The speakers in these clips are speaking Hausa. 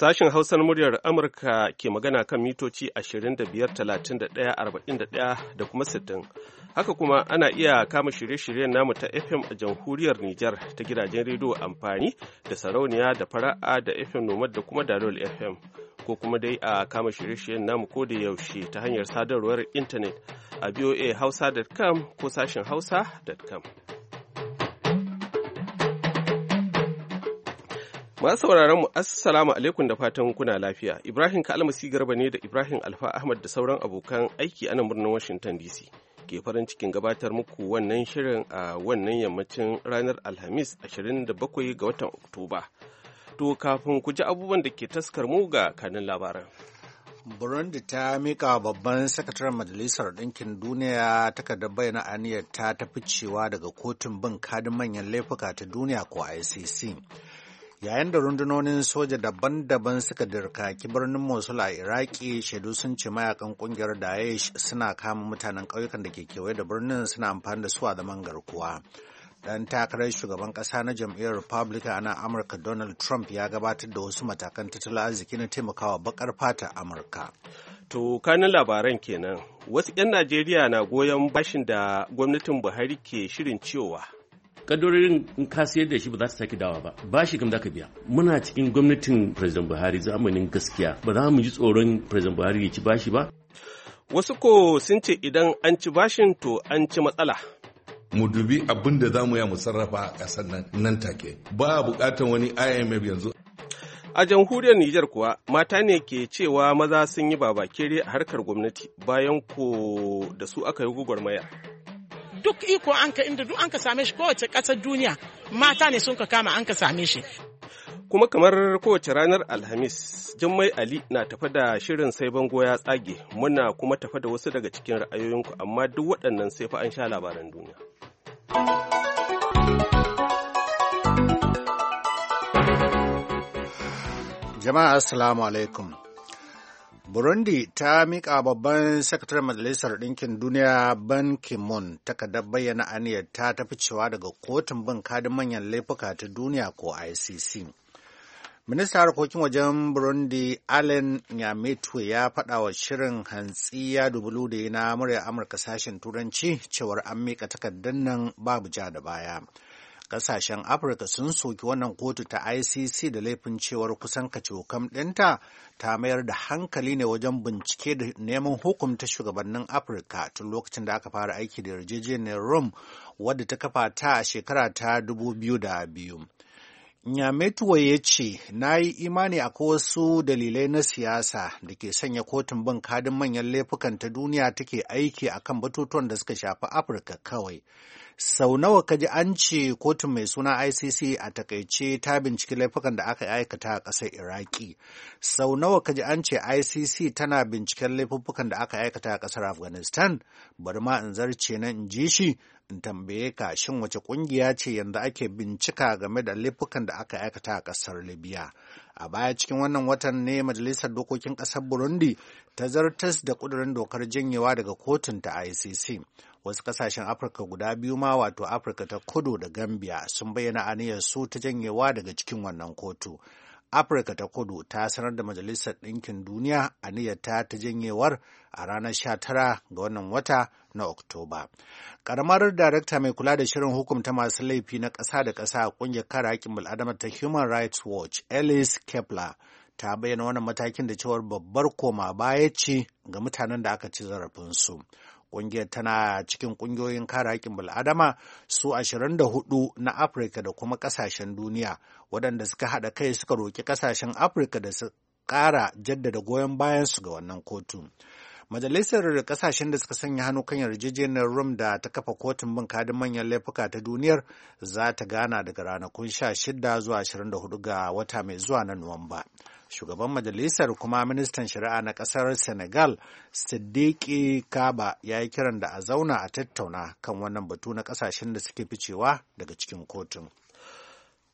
Sashen Hausar muryar Amurka ke magana kan mitoci 25,31,41 da kuma 60. Haka kuma ana iya kama shirye-shiryen namu ta FM a jamhuriyar Nijar ta gidajen rediyo amfani da sarauniya da fara'a da FM Nomad da kuma Dalol FM. Ko kuma dai a kama shirye-shiryen namu ko da yaushe ta hanyar sadarwar intanet a hausa.com ko sashen hausa.com. Masu sauraron mu assalamu alaikum da fatan kuna lafiya. Ibrahim Kalmasi Garba ne da Ibrahim Alfa Ahmad da sauran abokan aiki a birnin Washington DC. Ke farin cikin gabatar muku wannan shirin a wannan yammacin ranar Alhamis 27 ga watan Oktoba. To kafin ku ji abubuwan da ke taskar mu ga kanin labaran. Burundi ta mika babban sakataren Majalisar Ɗinkin Duniya takardar bayyana aniyar ta tafi cewa daga kotun bin kadin manyan laifuka ta duniya ko ICC. yayin da rundunonin soja daban-daban suka dirkaki birnin mosul a iraki shaidu sun ce mayakan kungiyar daesh suna kama mutanen ƙauyukan da ke kewaye da birnin suna amfani da suwa a zaman garkuwa dan takarar shugaban ƙasa na jam'iyyar republican na amurka donald trump ya gabatar da wasu matakan tattalin arziki na taimakawa bakar fata amurka to kanin labaran kenan wasu 'yan najeriya na goyon bashin da gwamnatin buhari ke shirin cewa kadorin in ka sayar da shi ba za su sake dawa ba ba shi kam zaka biya muna cikin gwamnatin president buhari zamanin gaskiya ba za mu ji tsoron president buhari ya ci bashi ba wasu ko sun ce idan an ci bashin to an ci matsala mu dubi abin da za mu ya mu a ƙasar nan nan take ba buƙatar wani imf yanzu a jamhuriyar Nijar kuwa mata ne ke cewa maza sun yi babakere a harkar gwamnati bayan ko da su aka yi gwagwarmaya. duk iko an ka inda duk an ka same shi kowace ƙasar duniya mata ne sun ka kama an ka same shi kuma kamar kowace ranar alhamis jummai ali na tafa da shirin sai bango ya tsage muna kuma tafa da wasu daga cikin ra'ayoyinku amma duk waɗannan sai fa an sha labaran duniya jama'a assalamu alaikum Burundi ta miƙa babban sakataren Majalisar Ɗinkin Duniya Ban Ki-moon takardar bayyana aniyar ta tafi cewa daga kotun bin kadin manyan laifuka ta duniya ko ICC. minista harkokin wajen Burundi Allen Nyamitwe ya faɗa wa shirin hantsi ya dubulu da na murya Amurka sashen Turanci cewar an mika takardar nan babu ja da baya. Ƙasashen Afirka sun soki wannan kotu ta ICC da laifin cewar kusan kacokam ɗinta ta mayar da hankali ne wajen bincike da neman hukunta shugabannin Afirka tun lokacin da aka fara aiki da yarjejeniyar Rome wadda ta kafa ta a shekara ta 2002. Nyametuwa ya ce, Na yi imani a wasu dalilai na siyasa da ke sanya kotun bin kadin manyan laifukan ta duniya take aiki akan batutuwan da suka shafi Afirka kawai. sau nawa kaji an ce kotun mai suna ICC a takaice ta binciki laifukan da aka aikata a ƙasar Iraki. Sau nawa kaji an ce ICC tana binciken laifukan da aka aikata a ƙasar Afghanistan, bari ma in zarce nan in ji shi in tambaye ka shin wace ƙungiya ce yanzu ake bincika game da laifukan da aka aikata a ƙasar Libya. A baya cikin wannan watan ne Majalisar Dokokin ƙasar Burundi ta zartas da ƙudurin dokar janyewa daga kotun ta ICC. wasu kasashen afirka guda biyu ma wato afirka ta kudu da gambia sun bayyana aniyar su ta janyewa daga cikin wannan kotu afirka ta kudu ta sanar da majalisar ɗinkin duniya aniyarta ta janyewar a ranar 19 ga wannan wata na oktoba karamar darakta mai kula da shirin hukumta masu laifi na ƙasa da ƙasa a ƙungiyar kare haƙƙin bil'adama ta human rights watch alice kepler ta bayyana wannan matakin da cewar babbar koma baya ce ga mutanen da aka ci zarafinsu Ƙungiyar tana cikin ƙungiyoyin kare haƙƙin bil'adama su 24 na Afirka da kuma ƙasashen duniya waɗanda suka haɗa kai suka roƙi ƙasashen Afirka da su ƙara jaddada goyon bayansu ga wannan kotu. Majalisar ƙasashen da suka sanya hannu kan yarjejeniyar Rum da ta kafa kotun bin kadin manyan laifuka ta duniyar za ta gana daga ranakun 16 zuwa 24 ga wata mai zuwa na Nuwamba. shugaban majalisar kuma ministan shari'a na ƙasar senegal siddiqi kaba ya yi kiran da a zauna a tattauna kan wannan batu na ƙasashen da suke ficewa daga cikin kotun.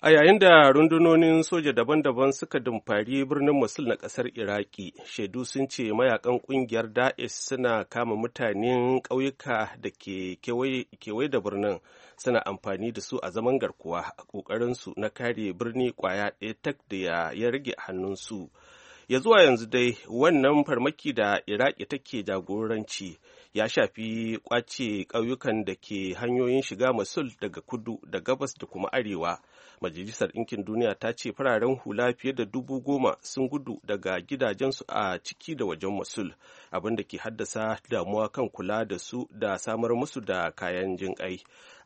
a yayin da rundunonin soja daban-daban suka dumfari birnin Mosul na ƙasar iraki shaidu sun ce mayakan ƙungiyar daesh suna kama mutanen ƙauyuka da ke kewaye da birnin suna amfani da su a zaman garkuwa a ƙoƙarinsu na kare birni kwaya ɗaya tak da ya rage hannunsu ya zuwa yanzu dai wannan farmaki da iraki take jagoranci ya shafi kwace ƙauyukan da ke hanyoyin shiga masul daga kudu da gabas da kuma arewa majalisar ɗinkin duniya ta ce fararen hula fiye da dubu goma sun gudu daga gidajensu a ciki da wajen masul abinda ke haddasa damuwa kan kula da su da samar musu da kayan jin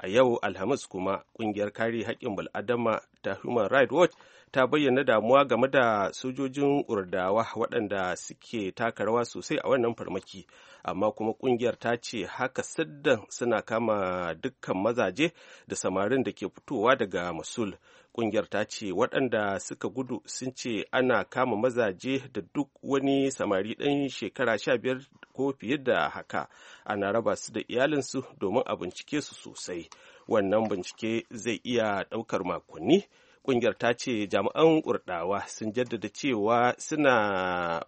a yau alhamis kuma ƙungiyar kare haƙƙin bal'adama ta human rights watch ta bayyana damuwa game da sojojin urdawa waɗanda suke taka rawa sosai a wannan farmaki amma kuma ƙungiyar ta ce haka saddan suna kama dukkan mazaje da samarin da ke fitowa daga mas'ul. ƙungiyar ta ce waɗanda suka gudu sun ce ana kama mazaje da duk wani samari ɗan shekara sha biyar ko fiye da haka ana raba su da iyalinsu domin a bincike su sosai wannan bincike zai iya ɗaukar makonni kungiyar ta ce jami'an kurdawa sun jaddada cewa suna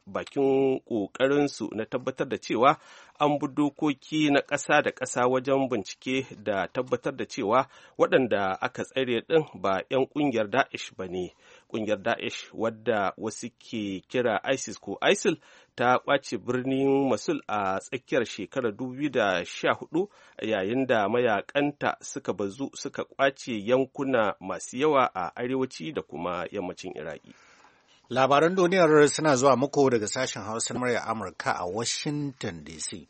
bakin ƙoƙarinsu na tabbatar da cewa an bi dokoki na ƙasa da ƙasa wajen bincike da tabbatar da cewa waɗanda aka tsare ɗin ba 'yan ƙungiyar da'ish ba ne ƙungiyar da'ish wadda wasu ke kira isis ko isil ta kwace birnin Mosul a tsakiyar shekarar 2014 yayin da mayakanta suka bazu suka kwace yankuna masu yawa a arewaci da kuma yammacin Iraki. Labaran duniyar suna zuwa muku daga sashen Hausa na Amurka a Washington DC.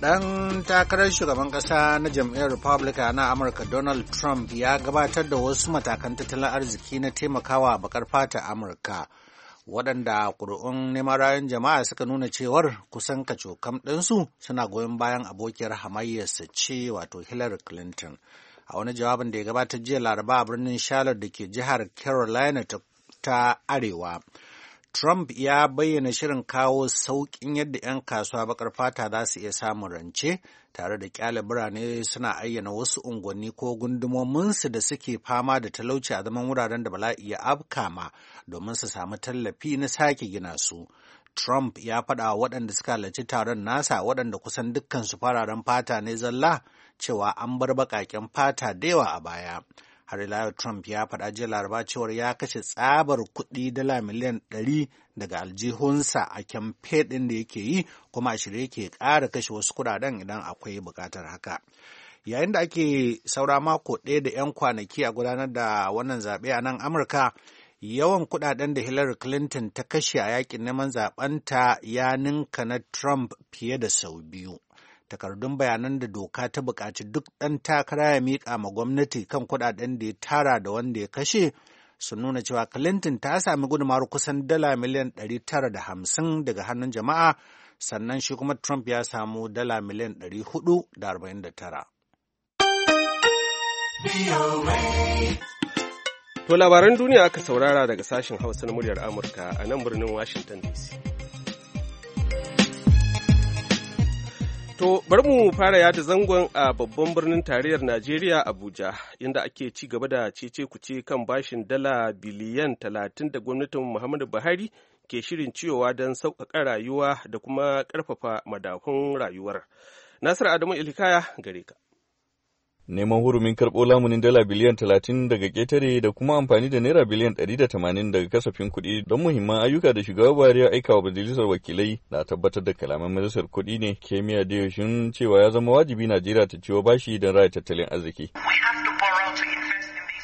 Ɗan takarar shugaban ƙasa na jam'iyyar republica na amurka donald trump ya gabatar da wasu matakan tattalin arziki na taimakawa bakar fata amurka waɗanda ƙuri'un neman rayun jama'a suka nuna cewar kusan kacokam ɗinsu suna goyon bayan abokiyar hamayyarsa ce wato hillary clinton a wani jawabin da ya gabatar jiya laraba a birnin charlotte da ke jihar carolina ta arewa Trump ya bayyana shirin kawo sauƙin yadda 'yan kasuwa baƙar fata za su iya samun rance tare da ƙyale birane suna ayyana wasu unguwanni ko gundumominsu da suke fama da talauci a zaman wuraren da bala'i ya afkama domin su samu tallafi na sake gina su. Trump ya faɗa waɗanda suka halarci taron nasa waɗanda kusan dukkan su fararen fata ne zalla cewa an bar baƙaƙen fata da yawa a baya. har ila Trump ya faɗa jiya laraba cewar ya kashe tsabar kuɗi dala miliyan ɗari daga aljihunsa a kyamfe ɗin da yake yi kuma a shirye yake ƙara kashe wasu kuɗaɗen idan akwai buƙatar haka. Yayin da ake saura mako ɗaya da 'yan kwanaki a gudanar da wannan zaɓe a nan Amurka, yawan kuɗaɗen da Hillary Clinton ta kashe a yakin neman zaɓenta ya ninka na Trump fiye da sau biyu. takardun bayanan da doka ta bukaci duk ɗan takara ya miƙa ma gwamnati kan kuɗaɗen da ya tara da wanda ya kashe sun nuna cewa Clinton ta sami gudumar kusan dala miliyan ɗari tara da hamsin daga hannun jama'a sannan shi kuma Trump ya samu dala miliyan ɗari hudu da 449. To labaran duniya aka saurara daga sashen Hausa na muryar Amurka a nan birnin Washington DC. To bari mu fara yada zangon a babban birnin tarayyar Najeriya Abuja inda ake ci gaba da cece kuce kan bashin dala biliyan talatin da gwamnatin Muhammadu Buhari ke shirin ciyowa don sauƙaƙa rayuwa da kuma ƙarfafa madafun rayuwar. Nasir Adamu Ilkaya gare ka. neman hurumin karɓo lamunin dala biliyan talatin daga ƙetare da kuma amfani da naira biliyan ɗari da tamanin daga kasafin kuɗi don muhimman ayyuka da shugaba buhari ya aika wa majalisar wakilai na tabbatar da kalaman majalisar kuɗi ne kemiya da cewa ya zama wajibi najeriya ta ciwo bashi don raya tattalin arziki.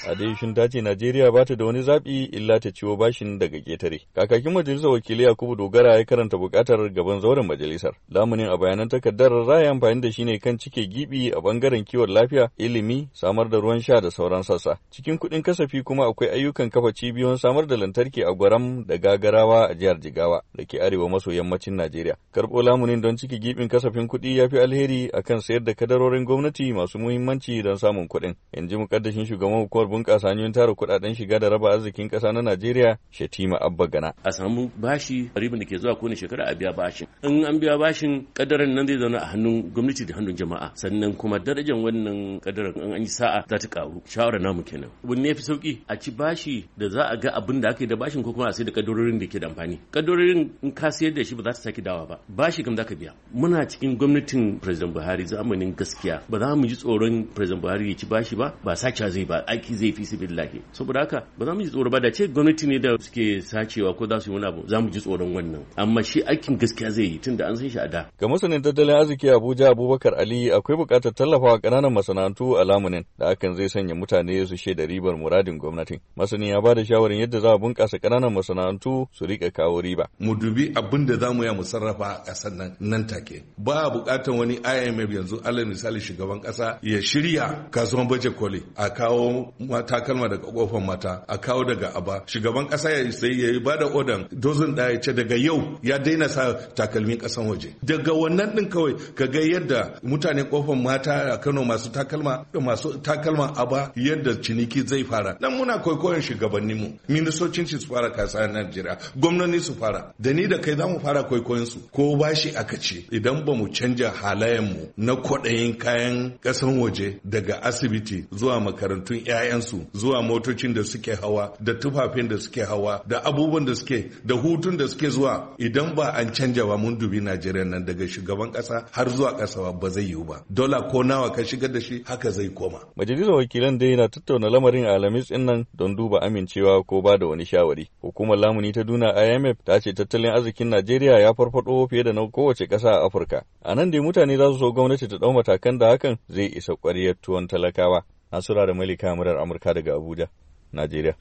a shin ta ce Najeriya ba ta da wani zaɓi illa ta ciwo bashin daga ƙetare. Kakakin majalisar wakilai Yakubu Dogara ya karanta buƙatar gaban zauren majalisar. Lamunin a bayanan takardar ra'ayi amfani da shi ne kan cike gibi a bangaren kiwon lafiya, ilimi, samar da ruwan sha da sauran sassa. Cikin kuɗin kasafi kuma akwai ayyukan kafa cibiyoyin samar da lantarki a Gwaram da Gagarawa a jihar Jigawa da ke arewa maso yammacin Najeriya. Karɓo lamunin don cike gibin kasafin kuɗi ya fi alheri akan sayar da kadarorin gwamnati masu muhimmanci don samun kuɗin. In ji muƙaddashin shugaban hukumar bunƙasa hanyoyin tara kuɗaɗen shiga da raba arzikin ƙasa na Najeriya Shatima Abba Gana. A samu bashi ribin da ke zuwa kowane shekara a biya bashin. In an biya bashin kadaran nan zai zauna a hannun gwamnati da hannun jama'a sannan kuma darajar wannan kadaran in an yi sa'a za ta karu. Shawara namu kenan. Abin ne fi sauƙi a ci bashi da za a ga abin da aka yi da bashin ko kuma a sai da ƙaddarorin da ke da amfani. Ƙaddarorin in ka sayar da shi ba za ta sake dawa ba. Bashi kam za ka biya. Muna cikin gwamnatin President Buhari zamanin gaskiya ba za mu ji tsoron President Buhari ya ci bashi ba ba sace zai ba aiki zai fi sibillahi saboda haka ba za mu ji tsoro ba da ce gwamnati ne da suke sacewa ko za su yi wani abu za mu ji tsoron wannan amma shi aikin gaskiya zai yi tun da an san shi a da ga masanin tattalin arziki Abuja Abubakar Ali akwai buƙatar tallafawa ƙananan masana'antu a lamunin da hakan zai sanya mutane su shaida ribar muradin gwamnati masanin ya da shawarin yadda za a bunƙasa ƙananan masana'antu su riƙa kawo riba mu dubi abin da mu ya mu sarrafa a ƙasar nan nan take ba a buƙatar wani IMF yanzu alal misali shugaban ƙasa ya shirya kasuwan baje koli a kawo takalma daga kofar mata a kawo daga aba shugaban kasa ya sai ya ba da odan dozin daya ce daga yau ya daina sa takalmin kasan waje daga wannan din kawai ka ga yadda mutane kofar mata a Kano masu takalma masu takalma aba yadda ciniki zai fara dan muna kwaikwayon shugabannin mu ministocin su fara kasa Najeriya gwamnoni su fara da ni da kai zamu fara kwaikwayon su ko bashi aka ce idan ba mu canja halayen mu na kwaɗayin kayan kasan waje daga asibiti zuwa makarantun 'ya'yan kayansu zuwa motocin da suke hawa da tufafin da suke hawa da abubuwan da suke da hutun da suke zuwa idan ba an canja ba mun dubi Najeriya nan daga shugaban kasa har zuwa kasa ba zai yiwu ba dola ko nawa ka shigar da shi haka zai koma majalisar wakilan dai na tattauna lamarin alamis din nan don duba amincewa ko ba da wani shawari hukumar lamuni ta duna IMF ta ce tattalin arzikin Najeriya ya farfado fiye da na kowace kasa a Afirka a nan dai mutane za su so gwamnati ta dau matakan da hakan zai isa ƙwariyar tuwon talakawa Nasura da Malika murar Amurka daga Abuja, Najeriya.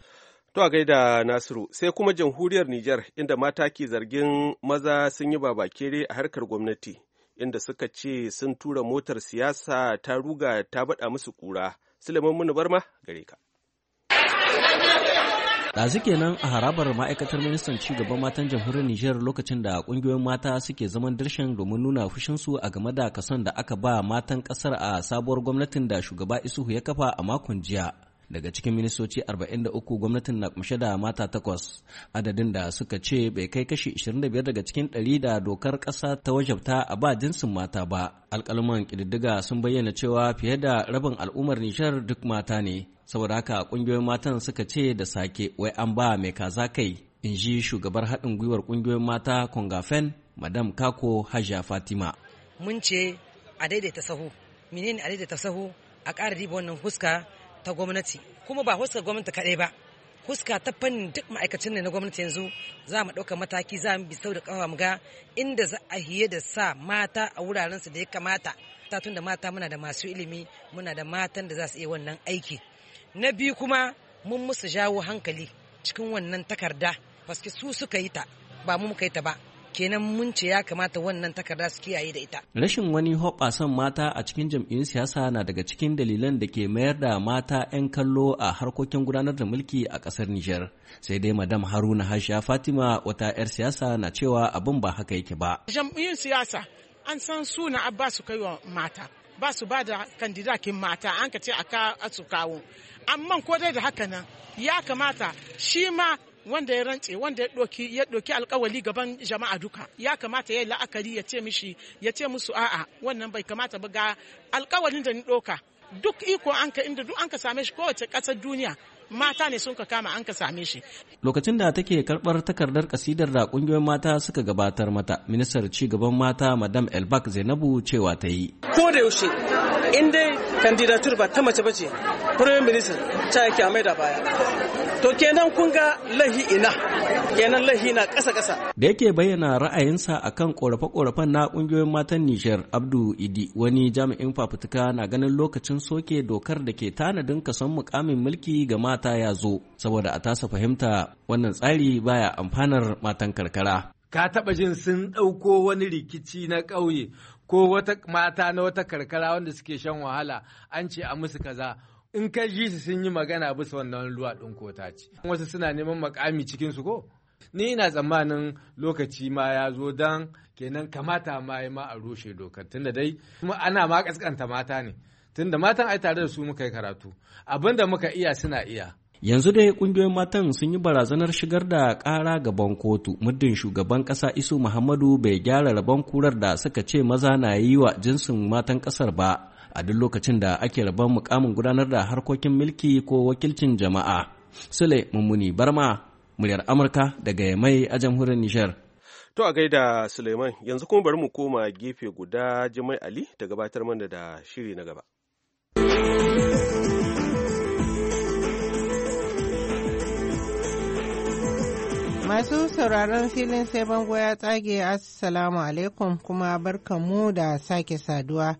To a gaida Nasiru, sai kuma jamhuriyar Nijar inda mata ke zargin maza sun yi babakere a harkar gwamnati, inda suka ce sun tura motar siyasa ta ruga ta baɗa musu ƙura. Suleiman Muni gare ka. Ɗazu kenan a harabar ma'aikatar ministan ci gaban matan jamhuriyar Nijar lokacin da ƙungiyoyin mata suke zaman dirshan domin nuna fushinsu a game da kason da aka ba matan ƙasar a sabuwar gwamnatin da shugaba Isuhu ya kafa a makon jiya. daga cikin ministoci 43 gwamnatin na kumshe da mata takwas adadin da suka ce bai kai kashi 25 daga cikin 100 da dokar ƙasa ta wajabta a ba jinsin mata ba alkalaman ƙididdiga sun bayyana cewa fiye da rabin al'ummar nishar duk mata ne saboda haka ƙungiyoyin matan suka ce da sake wai an ba mai kaza kai in ji shugabar haɗin gwiwar ƙungiyoyin mata kongafen madam kako hajja fatima mun ce a daidaita sahu menene a daidaita sahu a ƙara riba wannan fuska ta gwamnati kuma ba huskar gwamnati kaɗai ba huska ta fannin duk ma'aikacin ne na gwamnati yanzu za mu ɗauka mataki za mu bi sau da ƙafa mu ga inda za a hiye da sa mata a wuraren su da ya kamata ta tun da mata muna da masu ilimi muna da matan da za su iya wannan aiki na biyu kuma mun musu jawo hankali cikin wannan takarda paske su suka yi ta ba mu muka yi ta ba kenan mun ce ya kamata wannan takarda su kiyaye da ita rashin wani hoɓasan mata a cikin jam'iyyun siyasa na daga cikin dalilan da ke mayar da mata 'yan kallo a harkokin gudanar da mulki a ƙasar Nijar sai dai madam Haruna Hashiya Fatima wata 'yar siyasa na cewa abin ba haka yake ba jam'iyyun siyasa an san suna abba su wa mata ba su ba da kandidakin mata an ka ce a su kawo amma ko dai da haka nan ya kamata shi ma wanda ya rantse wanda ya doki ya doki alkawali gaban jama'a duka ya kamata ya la'akari ya ce mishi ya ce musu a'a wannan bai kamata ba ga alkawalin da ni doka duk iko an ka inda duk an ka same shi kowace ƙasar duniya mata ne sun ka kama an ka same shi. Lokacin da take karɓar takardar kasidar da kungiyoyin mata suka gabatar mata, ministar ci gaban mata Madam Elbak Zainabu cewa ta yi. Ko da yaushe, in kandidatur ba ta mace bace prime minister ta yake mai da baya to kenan kun ga lahi ina kenan lahi na kasa kasa da yake bayyana ra'ayinsa akan korafe-korafen na ƙungiyoyin matan Nijar Abdu Idi wani jami'in fafutuka na ganin lokacin soke dokar da ke tanadin kason mukamin mulki ga mata ya zo saboda a tasa fahimta wannan tsari baya amfanar matan karkara ka taɓa jin sun ɗauko wani rikici na ƙauye ko wata mata na wata karkara wanda suke shan wahala an ce a musu kaza in ka ji su sun yi magana bisa wannan luwa ɗin ko ta ce. wasu suna neman makami cikin su ko ni ina tsammanin lokaci ma ya zo dan kenan kamata ma ya ma a rushe dokar tunda dai kuma ana ma kaskanta mata ne tunda matan ai tare da su muka yi karatu abinda muka iya suna iya yanzu dai kungiyoyin matan sun yi barazanar shigar da ƙara gaban kotu muddin shugaban ƙasa isu muhammadu bai gyara rabon kurar da suka ce maza na yi wa jinsin matan ƙasar ba a duk lokacin da ake rabon mukamin gudanar da harkokin mulki ko wakilcin jama'a sule mummuni barma muryar amurka daga mai a jamhuriyar nijar to a gaida suleiman yanzu kuma bari mu koma gefe guda jimai ali ta gabatar mana da shiri na gaba Masu sauraron filin sai bango ya tsage Assalamu alaikum kuma barkamu da sake saduwa.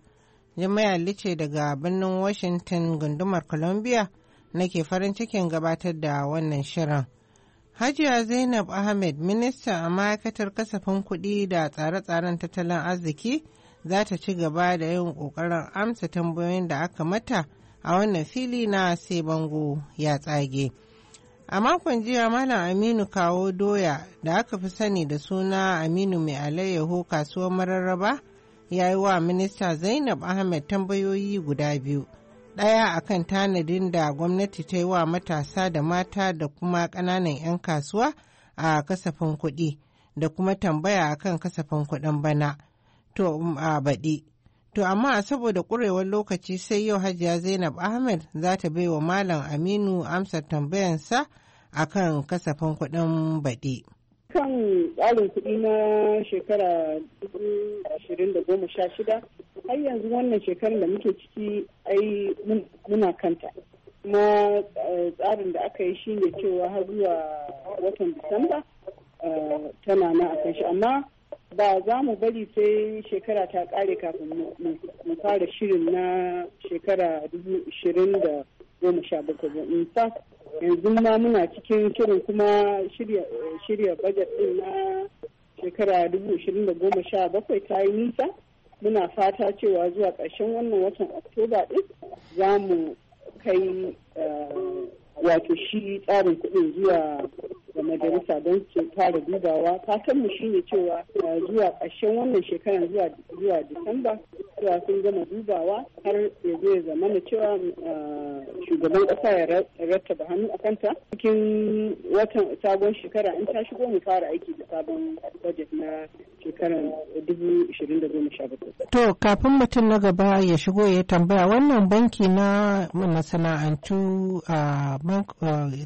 Jami'a Lice daga birnin Washington gundumar Columbia nake farin cikin gabatar da wannan shirin. Hajiya Zainab Ahmed, minista a ma'aikatar kasafin kuɗi da tsare-tsaren tattalin arziki, za ta ci gaba da yin ƙoƙarin amsa tambayoyin da aka mata a wannan fili na sai bango ya tsage. A makon jiya Malam Aminu Kawo Doya da aka fi sani da suna Aminu Mai Alayyaho kasuwar mararraba ya yi wa Minista Zainab Ahmed tambayoyi guda biyu. Ɗaya a kan tanadin da gwamnati ta yi wa matasa da mata da kuma ƙananan 'yan kasuwa a kasafin kuɗi da kuma tambaya a kan kasafin kuɗin bana. To, um, a baɗi. To amma saboda ƙurewar lokaci sai yau Hajiya Zainab Ahmed za ta bai wa Malam Aminu amsar tambayansa akan kasafin kuɗin baɗi. kan tsarin kuɗi na shekara 2016 har yanzu wannan shekarar da muke ciki ai muna kanta kuma eh, tsarin da aka yi shine cewa har zuwa watan disamba eh, tana na a kan shi amma ba za mu bari sai shekara ta ƙare kafin mu fara shirin na shekara 2017 in fact yanzu ma muna cikin shirin kuma shirya bajet din na shekara dubu sha bakwai ta yi nisa muna fata cewa zuwa ƙarshen wannan watan oktoba din za mu kai eh, wato shi tsarin kuɗin zuwa ga majalisa don su fara dubawa fatan mu shine cewa eh, zuwa ƙarshen wannan shekarar zuwa disamba zuwa sun gama dubawa har ya zo ya zamana cewa eh, shugaban kasa ya rattaba hannu a kanta cikin watan sabon shekara in ta shigo mu fara aiki da sabon budget na shekarar 2017. To kafin mutum na gaba ya shigo ya tambaya wannan banki na masana'antu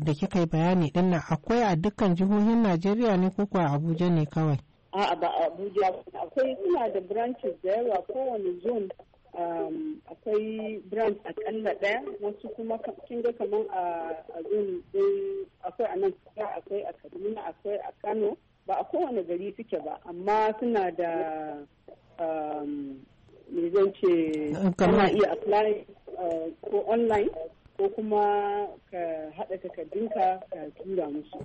da kika yi bayani dinnan akwai a dukkan jihohin Najeriya ne ko kuwa Abuja ne kawai? A'a ba Abuja akwai suna da branches da yawa kowane zone akwai a akalla ɗaya wasu kuma kin ga kamar a zone akwai a nan akwai a kaduna akwai a kano ba a kowane gari suke ba amma suna da me zan ce kana iya apply eh, ko online ko kuma ka haɗa takardunka ka tura musu.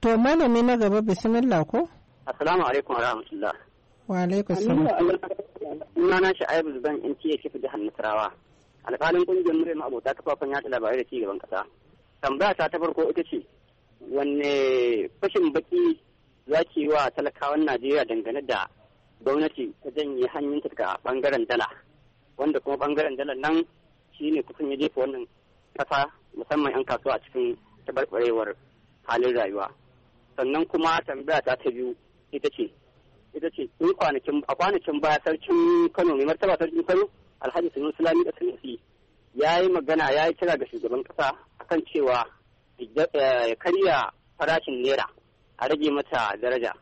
To malami na gaba bismillah ko? Assalamu alaikum wa rahmatullah. Wa alaikum salam. sunana Sha'ibu Zuban NTA Chief Jihar Nasarawa. Alƙalin ƙungiyar muryar abota kafafen yaɗa labarai da cigaban ƙasa. Tambaya ta ta farko ita ce wanne fashin baki za ki yi wa talakawan Najeriya dangane da gwamnati ta janye hanyar daga bangaren dala wanda kuma bangaren dala nan shi ne kusan ya jefa wannan kasa musamman 'yan kasuwa a cikin tabarbarewar halin rayuwa sannan kuma tambaya ta ta biyu ita ce ita ce in kwanakin a kwanakin baya sarkin Kano mai martaba sarkin Kano Alhaji Sunusi Sulami da Sanusi ya yi magana ya yi kira ga shugaban kasa akan cewa ya karya farashin naira a rage mata daraja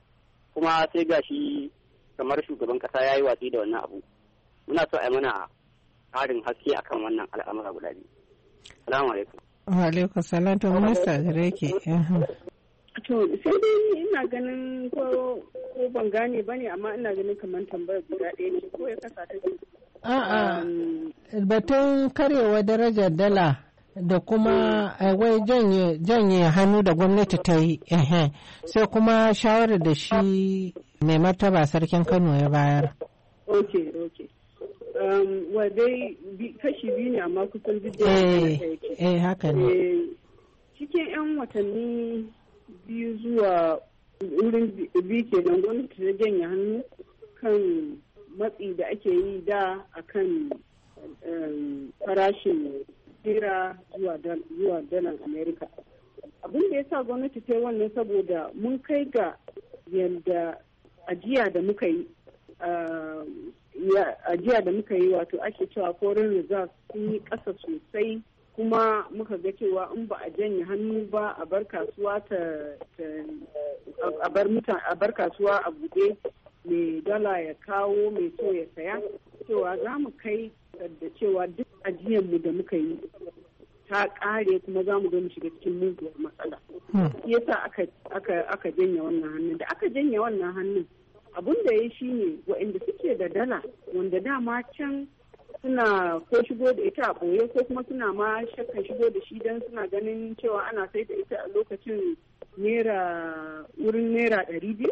kuma sai gashi kamar shugaban kasa ya yi watsi da wannan abu muna so a mana ƙarin haske akan wannan al'amura guda biyu. Salamu alaikum. Wa alaikum salam to minista ke. To sai dai ina ganin ko ban gane ba ne amma ina ganin kamar tambayar guda ɗaya ne ko ya kasa ta A'a um, batun karewa darajar dala da kuma eh, wai janye hannu da gwamnati ta yi sai kuma shawarar da shi mai martaba sarkin Kano ya bayar. Ok, ok. Um, wa dai kashi biyu ne amma kusan duk da eh, ya eh, haka ne. Cikin 'yan watanni biyu zuwa wurin biyu kenan gwamnati ta janye hannu kan matsi da ake yi da a kan um, farashin hira zuwa dalar amerika abin da ya sa gwamnati ta wannan saboda mun kai ga yadda ajiya da muka yi um, ajiya da muka yi wato ake cewa foreign reserve sun yi ƙasa sosai kuma muka ga cewa in ba a janye hannu ba a bar kasuwa ta a bar kasuwa a buɗe mai dala ya kawo mai so ya saya cewa za mu kai da cewa duk mu da muka yi ta kare kuma za mu mu shiga cikin muguwar matsala hmm. yasa aka janye wannan hannun da aka janye wannan hannun abun da ya shi ne waɗanda suke da dala wanda dama can suna ko shigo da ita a ɓoye ko kuma suna ma shakkan shigo da shi don suna ganin cewa ana sai da ita a lokacin naira wurin naira ɗari biyu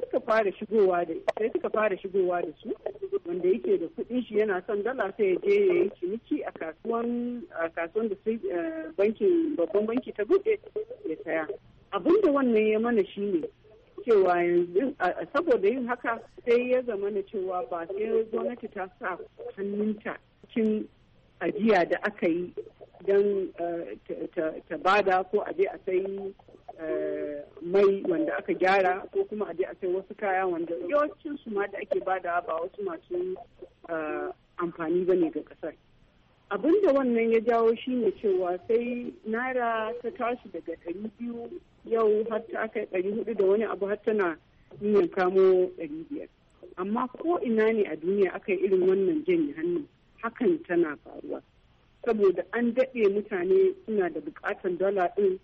suka fara shigowa da sai suka fara shigowa da su wanda yake da kuɗin shi yana son dala sai ya je ya yi ciniki a kasuwan a kasuwan da sai eh, bankin babban banki ta buɗe ya saya abinda wannan ya mana shi ne. cewa yanzu saboda yin haka sai ya zama na cewa ba sai gwamnati ta sa hannunta cikin ajiya da aka yi don eh, ta bada ko a je a sai eh, mai wanda aka gyara ko kuma a je a sai wasu kaya wanda yawancin su ma da ake bada ba wasu masu eh, amfani ba ne ga kasar. abin da wannan ya jawo shine cewa sai naira ta tashi daga ɗari biyu yau har ta kai ɗari hudu da wani abu har tana niyan kamo ɗari biyar amma ko ina ne a duniya aka yi irin wannan janye hannu hakan tana faruwa saboda an daɗe mutane suna da bukatan dala ɗin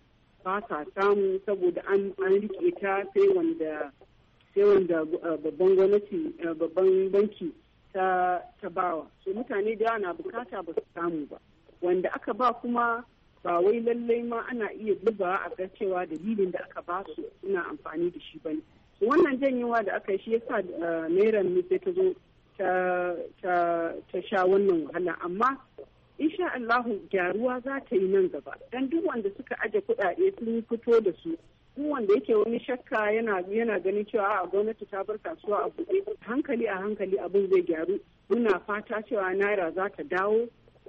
ba sa samu saboda an rike ta sai wanda eh, babban gwamnati eh, babban banki ta, ta bawa so mutane da na bukata ba su samu ba wanda aka ba kuma ba wai lallai ma ana iya dubawa a ga cewa dalilin da aka ba su suna amfani da shi bane wannan janyewa da aka shi yasa eh, naira ne sai ta zo ta sha wannan wahala amma insha Allahu gyaruwa za ta yi nan gaba dan duk wanda suka aje kuɗaɗe sun fito da su wanda yake wani shakka yana yana ganin cewa a gwamnati ta bar kasuwa a buɗe hankali a hankali abin zai gyaru muna fata cewa naira za ta dawo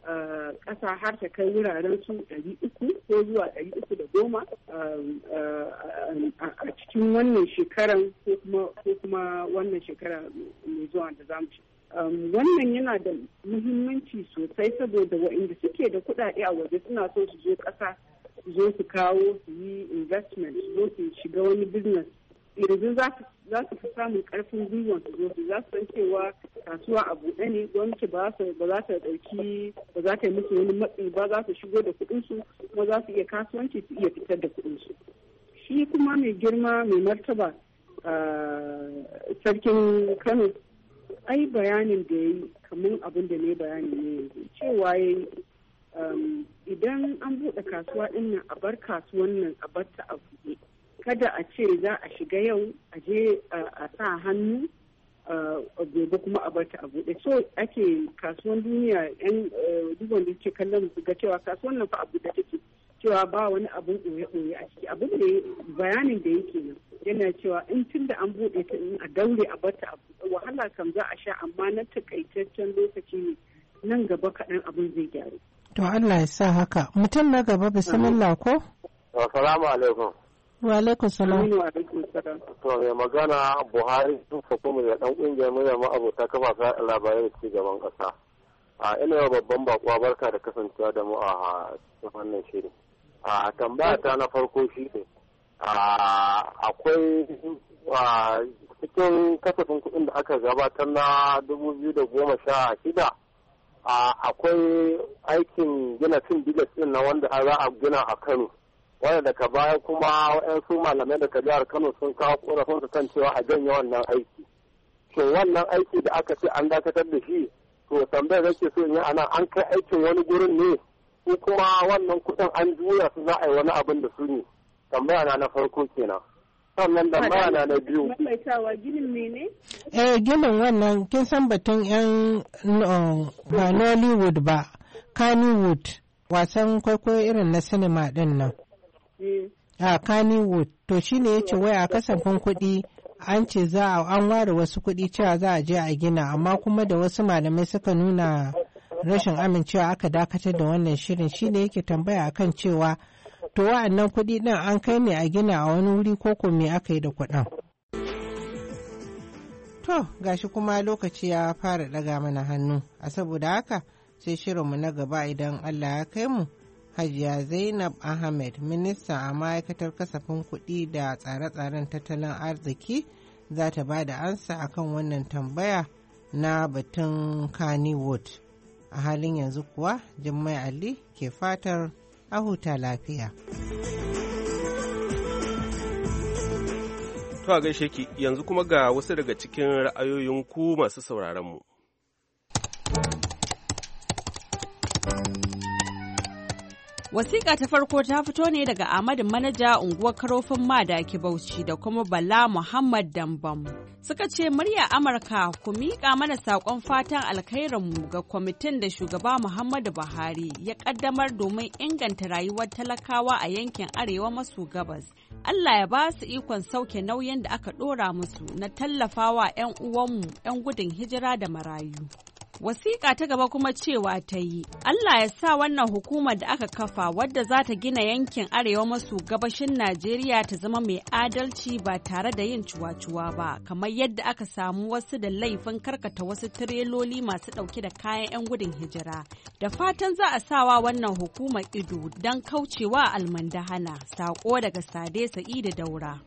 eh, ƙasa har ta kai wuraren su ɗari uku ko zuwa ɗari uku da goma eh, a cikin wannan shekaran ko kuma wannan shekara mai zuwa da zamu shiga um, wannan yana da muhimmanci sosai saboda waɗanda suke da kuɗaɗe a waje suna so su zo ƙasa zo su kawo su yi investment su zo su shiga wani business yanzu za su fi samun karfin gwiwan su zo su za su san cewa kasuwa a buɗe ne gwamnati ba za ta ɗauki ba za ta yi musu wani matsi ba za su shigo da kuɗinsu kuma za su iya kasuwanci su iya fitar da kuɗinsu shi kuma mai girma mai martaba sarkin kano ai bayanin da ya yi kamar abin da ne bayani ne cewa ya idan an buɗe kasuwa ɗinnan a bar kasuwan nan a bar ta a buɗe kada a ce za a shiga yau a je a sa hannu gobe kuma a barta a buɗe so ake kasuwan duniya yan eh, duk wanda ke kallon su ga cewa kasuwan nan fa a buɗe take cewa ba wani abun ɓoye-ɓoye a ciki abin da bayanin da yake nan yana cewa in tun da an buɗe ta in a daure a barta a buɗe wahala kam za a sha amma na takaitaccen lokaci ne nan gaba kaɗan abun zai gyaru. To Allah ya sa haka. Mutum na gaba bismillah ko? Assalamu alaikum. Wa alaikum salam. To mai magana Buhari sun fako mu da dan kungiyar mu da ma'abota kafafen labarai da ci gaban kasa. A ina yau babban bakuwa barka da kasancewa da mu a wannan shirin. A tambaya ta na farko shi ne. Akwai cikin kasafin kuɗin da aka gabatar na dubu biyu da goma sha shida. akwai aikin gina cin bilis din na wanda za a gina a kano wanda daga baya kuma 'yansu malamai daga jihar kano sun kawo korafin su kan cewa a janye wannan aiki to wannan aiki da aka ce an dakatar da shi to tambayar da ke so yi ana an kai aikin wani gurin ne ko kuma wannan kuɗin an juya su za a yi wani abin da su ne tambaya na na farko kenan sannan eh, ginin wannan kin san batun yan ba nollywood ba kannywood wasan kwaikwayo irin na sinima din nan eh. a ah, kannywood to shine ya ce waya kasafin kuɗi an ce za a an ware wasu kuɗi cewa za a je a gina amma kuma da wasu malamai suka nuna rashin amincewa aka dakatar da wannan shirin shi ne yake tambaya akan cewa To wa'annan kuɗi ɗin an kai ne a gina a wani wuri ko me aka yi da kuɗin. To gashi kuma lokaci ya fara ɗaga mana hannu, a saboda haka sai shirinmu na gaba idan Allah ya kai mu. Hajiya Zainab Ahmed, minista a ma'aikatar kasafin kuɗi da tsare-tsaren tattalin arziki, za ta ba da ansa akan wannan tambaya na batun Kannywood. A halin yanzu kuwa, Jummai Ali ke fatar a huta lafiya. To a gaishe ki yanzu kuma ga wasu daga cikin ra'ayoyin ku masu sauraron mu. Wasiƙa ta farko ta fito ne daga Ahmadu Manaja unguwar Karofin Madaki Bauchi da kuma Bala Muhammad Dambam. Suka ce murya Amurka ku miƙa mana saƙon fatan alkhairinmu ga kwamitin da shugaba Muhammadu Buhari ya ƙaddamar domin inganta rayuwar talakawa a yankin Arewa maso gabas. Allah ya ba su ikon sauke nauyin da aka ɗora musu na tallafawa 'yan uwanmu 'yan gudun hijira da marayu. Wasiƙa ta gaba kuma cewa ta yi, Allah ya sa wannan hukumar da aka kafa wadda za ta gina yankin arewa maso gabashin Najeriya ta zama mai adalci ba tare da yin cuwa-cuwa ba, kamar yadda aka samu wasu da laifin karkata wasu tireloli masu ɗauke da kayan 'yan gudun hijira. Da fatan za a sawa wannan hukumar ido don kaucewa almandahana, saƙo daga Sade Sa'idu Daura.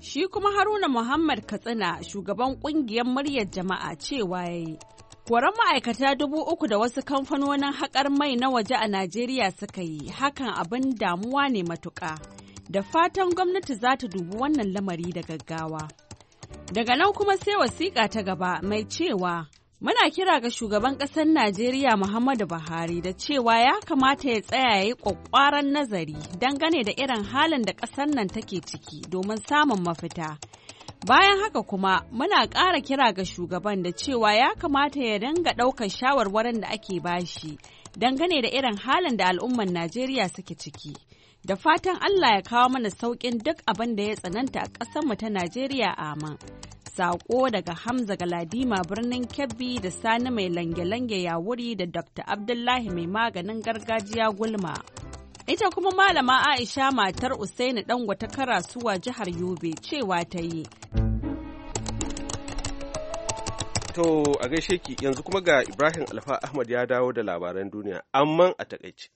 Shi kuma Haruna Muhammad Katsina shugaban ƙungiyar muryar jama'a cewa ya yi, Koran ma'aikata dubu uku da wasu kamfanonin haƙar mai na waje a Najeriya suka yi hakan abin damuwa ne matuƙa. Da fatan gwamnati za ta dubi wannan lamari da gaggawa. Daga nan kuma sai wasiƙa ta gaba mai cewa muna kira ga shugaban ƙasar Najeriya Muhammadu Buhari da cewa ya kamata ya tsaya ya yi ƙwaƙƙwaran nazari dangane da irin halin da ƙasar nan take ciki domin samun mafita. Bayan haka kuma muna ƙara kira ga shugaban da cewa ya kamata ya dinga ɗaukar shawarwarin da ake bashi dangane da irin halin da al'umman Najeriya suke ciki. Da fatan Allah ya kawo mana sauƙin duk abin da ya tsananta a ƙasarmu ta Najeriya a man Saƙo daga Hamza Galadima birnin Kebbi da Sani mai lange-lange ya wuri da Dr. Abdullahi mai maganin gargajiya gulma. Ita kuma malama Aisha matar Usaini Dangwa ta suwa jihar Yobe cewa ta yi. To a gaishe ki yanzu kuma ga Ibrahim Alfa Ahmad ya dawo da labaran duniya amman a takaice.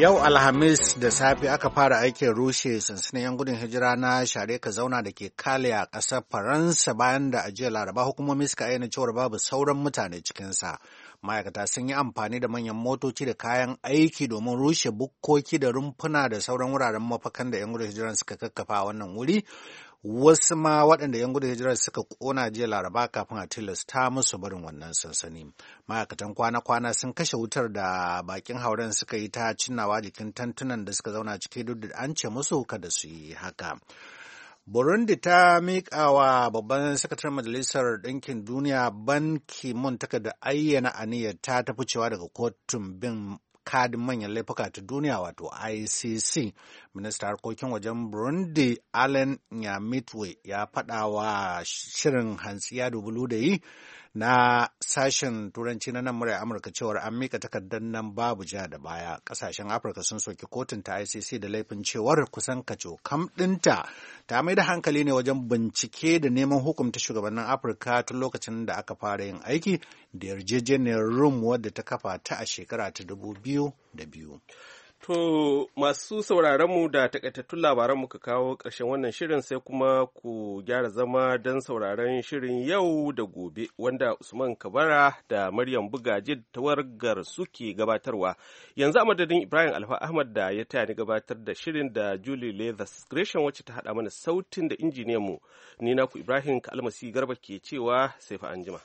Yau Alhamis da safe aka fara aikin rushe sansanin 'yan gudun hijira na share ka zauna da ke kale a ƙasar Faransa bayan da a jiya Laraba hukumomi suka ayyana cewar babu sauran mutane cikinsa. ma'aikata sun yi amfani da manyan motoci da kayan aiki domin rushe bukkoki da rumfuna da sauran wuraren mafakan da 'yan gudun hijiran suka kakkafa a wannan wuri wasu ma waɗanda 'yan gudun hijirar suka kona jiya laraba kafin a tilasta musu barin wannan sansani ma'aikatan kwana-kwana sun kashe wutar da bakin hauren suka yi ta cinnawa jikin tantunan da suka zauna ciki duk da an ce musu kada su yi haka Burundi ta miƙa wa babban sakataren Majalisar Ɗinkin Duniya Ban ki taka takarda ayyana aniyarta ta ficewa daga kotun bin kadin manyan laifuka ta duniya wato ICC. Minista harkokin wajen Burundi Allen Nyamitwe ya faɗa wa shirin hantsiya ya dubu da yi na sashen turanci na nan murai amurka cewar an mika takardar nan babu ja da baya kasashen afirka sun soki kotun ta icc da laifin cewar kusan kaco kam ɗinta ta mai da hankali ne wajen bincike da neman hukumta shugabannin afirka tun lokacin da aka fara yin aiki da yarjejeniyar rum wadda ta kafa ta a shekara ta dubu biyu da biyu To masu sauraronmu da takaitattun labaran muka kawo ƙarshen wannan shirin sai kuma ku gyara zama don sauraron shirin yau da gobe wanda Usman Kabara da Maryam Bugaji tawargar suke gabatarwa. Yanzu a madadin Ibrahim Alfa Ahmad da ya taya ni gabatar da shirin da Julie Leather Gresham wacce ta haɗa mana sautin da injiniyanmu. Ni naku Ibrahim Kalmasi Garba ke cewa sai fa anjima.